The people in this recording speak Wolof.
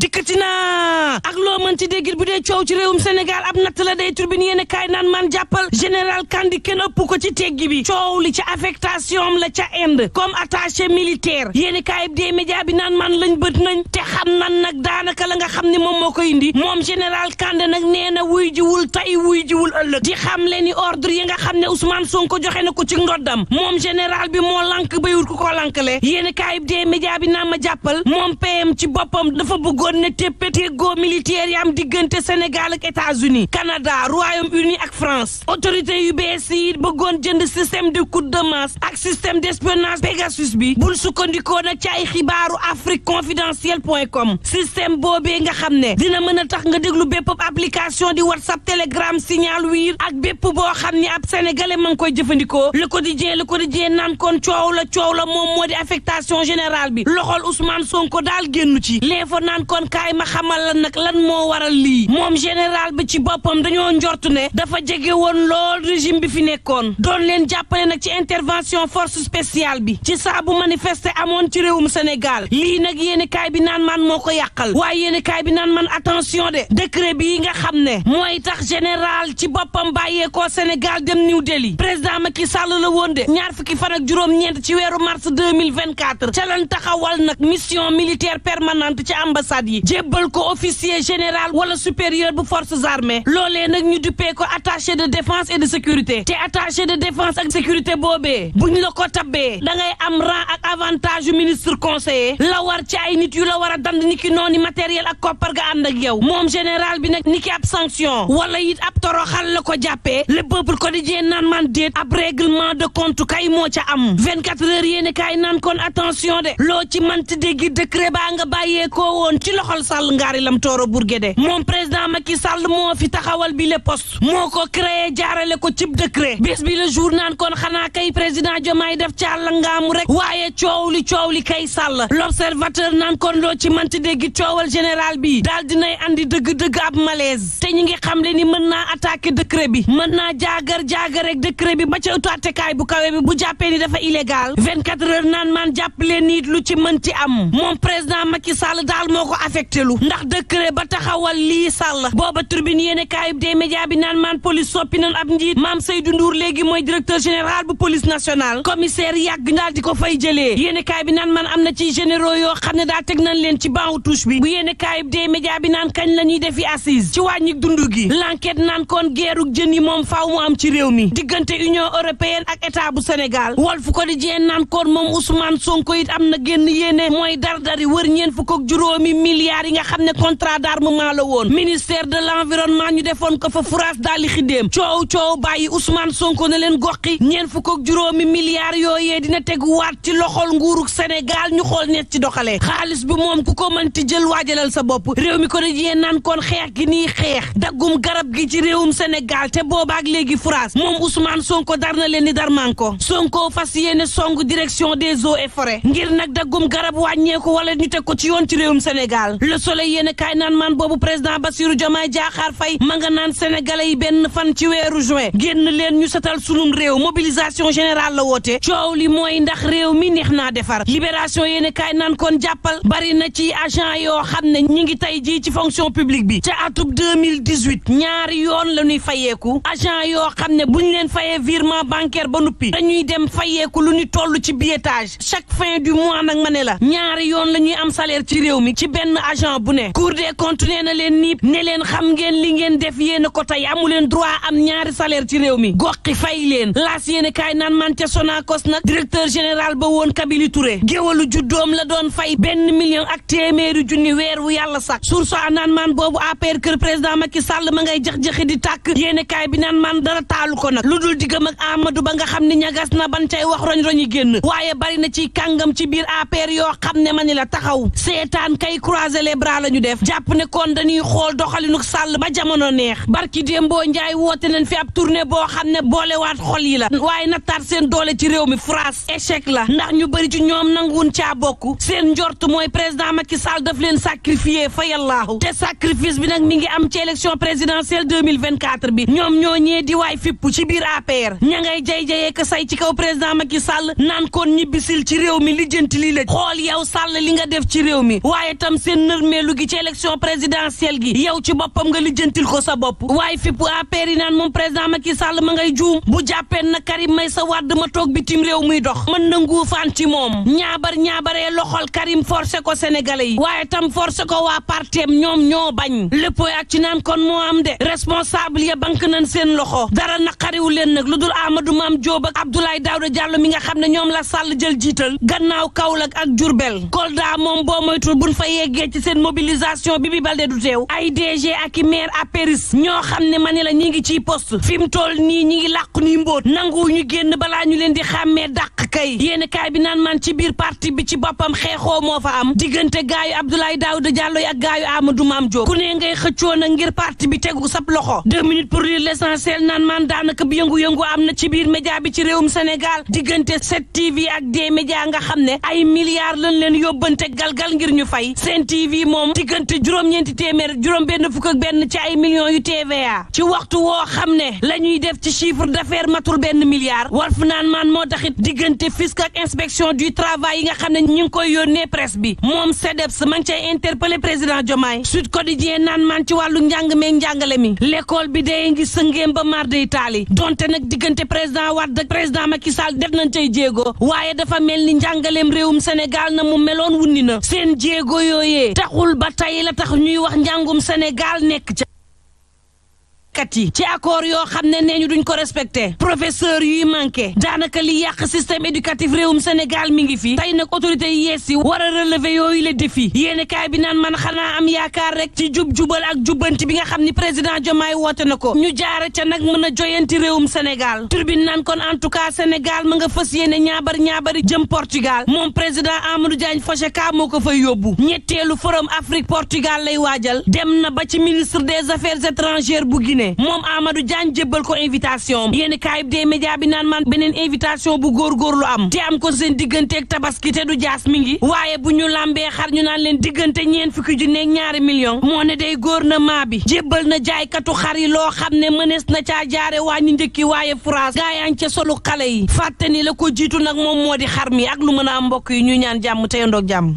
ti naa ak loo mënti déggit bu dee coow ci réewum Sénégal ab natt la day turbine yéen kaay naan man jàppal général Kandi kenn ëpp ko ci teggi bi coow li ca affectation la ca Inde comme attaché militaire yéen kaay des médias bi naan man lañ bët nañ xam nan nag daanaka la nga xam ne moom moo koy indi moom général Kandé nag nee na wuy jiwul tey wuy jiwul ëllëg di xam le ni ordre yi nga xam ne Ousmane ko joxe na ko ci ndoddam moom général bi moo lank bayul ku ko lankale yéen kaayib dee média bi naa ma jàppal moom am ci boppam dafa bëggoon ne téppateegoo militaire yi am diggante Sénégal ak États-Unis Canada Royaume-Uni ak France autorité yu bees yi bëggoon jënd système de coup de masse ak système d'espionnage Pegasus bi bul sukkandikoo nag ci ay xibaaru Afrique confidentielle point com système boobee nga xam ne dina mën a tax nga déglu bépp application di whatsapp telegram signal wiir ak bépp boo xam ne ab sénégalais ma ngi koy jëfandikoo le quotidien le quotidien naan kon coow la coow la moom moo di affectation générale bi loxol Ousmane Sonko daal génnu ci l'info naan kon kaay ma xamal lan nag lan moo waral lii moom général bi ci boppam dañoo njortu ne dafa jege woon lool régime bi fi nekkoon doon leen jàppale nag ci intervention force spéciale bi ci saa bu manifester amoon ci réewum Sénégal lan moo ko yàqal waaye yéeni kaay bi naan man attention de décret bii nga xam ne mooy tax général ci boppam bàyyeekoo Sénégal dem New Delhi président Macky Sall la woon de ñaar fukki fan ak juróom-ñeent ci weeru mars 2024 ca lan taxawal nag mission militaire permanente ci ambassade yi jébbal ko officier général wala supérieur bu forces armées loolee nag ñu duppee ko attaché de défense et de sécurité te attaché de défense ak sécurité boobee buñ la ko tabbee da amande niki noonu matériel ak koppar ga ànd ak yow moom général bi nag niki ab sanction wala it ab toroxal la ko jàppee le peuple quotidien naan man déet ab règlement de compte kay moo ca am 24 heures yéene kon attention de loo ci manti déggi décret baa nga bàyyee koo woon ci loxol Sall ngaari lam tooro Bourguédé moom président Macky Sall moo fi taxawal bi le poste moo ko créé jaarale ko cib décret bés bi le jour nan kon xanaa kay président Diomaye def ca la ngaamu rek waaye coow li coow li kay Sall xamante ne bi daal dinay andi dëgg-dëgg ab naa attaqué bi mën naa jaagar jaagar rek décret bi ba ca bu kawe bu jàppee ni dafa illégal 24 heures naan maan jàpp leen niit lu ci mënti am moom président Macky Sall daal moo ko affecté lu ndax décret ba taxawal lii Sall booba turbine yéene kaayub des média bi naan maan police soppi nan ab njiit maam Seydou Ndour léegi mooy directeur général bu police nationale commissaire yàgg daal di ko fay jëlee yéene kaay bi naan maan am na ci généraux yoo xam ne daal teg nañ leen ci banc touche bi bu yéene kaayib dee média bi naan kañ lañuy ñuy defi assise ci wàññi dund gi l'enquête naan kon geeruk jën yi moom faaw mu am ci réew mi diggante union européenne ak état bu sénégal Walf Quotidien naan kon moom Ousmane Sonko it am na génn yéene mooy dar dardari wër ñeen fukk ak juróomi milliards yi nga xam ne contrat ma la woon ministère de l'environnement ñu defoon ko fa France daal di xidéem coow coow bàyyi Ousmane Sonko ne leen goxi ñeen fukk ak juróomi milliards yooyee dina teguwaat ci loxol nguuruk Sénégal ñu xool net ci doxalee ko mënti jël waajalal sa bopp réew mi ko dajee naan kon xeex gi nii xeex daggum garab gi ci réewum Sénégal te boobaak léegi France moom Ousmane Sonko dar na leen ni dar man ko Sonko fas yéene song direction des eaux et forêts ngir nag daggum garab wàññeeku wala ñu teg ko ci yoon ci réewum Sénégal Le Soleil yéene kay naan man boobu président Bassirou Diomaye Diakhar Faye ma nga naan senegal yi benn fan ci weeru juin génn leen ñu setal sunum réew mobilisation générale la li mooy ndax réew mi neex naa defar libération yéene kaay agent yoo xam ne ñi ngi tey jii ci fonction publique bi ca atub 2018 ñaari yoon la ñuy fayeeku agent yoo xam ne bu ñu leen fayee virement bancaire ba nuppi dañuy dem fayeeku lu ñu toll ci billetage chaque fin du mois nag ma ne la ñaari yoon la ñuy am salaire ci réew mi ci benn agent bu ne cour des comptes nee na leen nii ne leen xam ngeen li ngeen def yéen a ko tey amu leen droit am ñaari salaire ci réew mi goqi fay leen laas yéen kaay naan man ca Sonacos nag directeur général ba woon Kabili Touré géwalu juddoom la doon fay benn million ak téeméeri junni weer wu yàlla sàkk source a naan maan boobu APR kër président Macky Sall ma ngay jax-jaxi di tàkk yéene kaay bi naan maan dara taalu ko nag lu dul diggam ak Ba nga xam ni ñagas na ban cay wax roñ-roñi génn waaye bari na ci kàngam ci biir APR yoo xam ne ma ni la taxaw seetaan kay croiser les bras la ñu def jàpp ne kon dañuy xool doxalinu Sall ba jamono neex barki boo Njaay woote nañ fi ab tournée boo xam ne boole boolewaat xol yi la waaye nattaat seen doole ci réew mi France échec la ndax ñu bëri ci ñoom nanguwun caa bokk seen njort mooy président Macky Sall daf leen sacrifié fa yàllaahu te sacrifice bi nag mi ngi am ci élection présidentielle 2024 bi ñoom ñoo ñee di waay fipp ci biir APR ña ngay jay-jayee ka say ci kaw président Macky Sall naan kon ñibbisil ci réew mi lijjanti lii la xool yow Sall li nga def ci réew mi waaye tam seen nërmeelu gi ci élection présidentielle gi yow ci boppam nga lijjantil ko sa bopp waaye fipp APR yi naan moom président Macky Sall ma ngay juum bu jàppee na Karim may sa wàdd ma toog bitim réew muy dox mën na nguufaan ci moom ñaabar ñaabaree loxol Karim forcé ko Sénégal sénégalais yi waaye tam forcé ko waa parteem ñoom ñoo bañ léppooy ak ci naan kon moo am de responsable ya bank nañ seen loxo dara naqariwu leen nag lu dul Amadou Mame Diop ak Abdoulaye Daouda mi nga xam ne ñoom la sàll jël jiital gannaaw Kaolack ak Diourbel Kolda moom boo moytul buñ fa yeggee ci seen mobilisation bi bi balde du teew ay DG ak i maire à Paris ñoo xam ne ma ne la ñi ngi ciy poste fi mu toll nii ñi ngi làqu nii mbóot nangu ñu génn balaa ñu leen di xàmmee dàq kay yéen bi naan ci biir ne gaayu Abdoulaye Daouda Diallo yi ak gaayu Amadou Mame Diop ku ne ngay xëccoo ngir parti bi tegu sab loxo deux minutes pour lire l'essentiel naan maan daanaka bi yëngu-yëngu am na ci biir média bi ci réewum Sénégal diggante 7TV ak des médias nga xam ne ay milliards lañ leen yóbbante galgal ngir ñu fay seen TV moom diggante juróom-ñeenti téeméer juróom benn fukk ak benn ci ay millions yu TVA ci waxtu woo xam ne la ñuy def ci chiffre d'affaires matul benn milliard Walf naan maan moo taxit diggante fisc ak inspection du travail yi nga xam ne ñu ngi CDEPS ma ngi cay interpellé président Diomaye Sud Quotidien naan maan ci wàllu njàng meeg njàngale mi l'école bi dee ngi sëngéem ba mar day taali donte nag diggante président Wade ak président Macky Sall def nañ cay jéego waaye dafa mel ni njàngaleem réewum Sénégal na mu meloon wunni na seen jéego yooyee taxul ba tey la tax ñuy wax njàngum Sénégal nekk ca jàngalekat yi ci accord yoo xam ne nee ñu duñ ko respecté professeur yuy manqué daanaka li yàq système éducatif réewum Sénégal mi ngi fi tey nag autorité yi yees yi wara a yooyu le défi yéeni kaay bi naan man xanaa am yaakaar rek ci jub-jubal ak jubbanti bi nga xam ni président Diomaye woote na ko ñu jaare ca nag mën a joyanti réewum Sénégal turbine naan kon en tout cas Sénégal ma nga fës yéene ñaabar ñaabari jëm Portugal moom président Amadou Diagne Foceka moo ko fay yóbbu ñetteelu forum Afrique Portugal lay waajal dem na ba ci ministre des affaires étrangères bu Guinée ne moom Amadou Diagne jébbal ko invitation yéen kaayib des média bi naan man beneen invitation bu góorgóorlu am te am ko seen digganteek tabaski te du jaas mi ngi waaye bu ñu lambee xar ñu naan leen diggante ñeen ju junneeg ñaari million moo ne day gouvernement bi jébbal na jaaykatu xar yi loo xam ne mënees na caa jaare wàññi njëkki waaye France gaayaan ca solu xale yi fàtte la ko jiitu nag moom moo di xar mi ak lu mën a am mbokk yi ñu ñaan jàmm te yandoog jàmm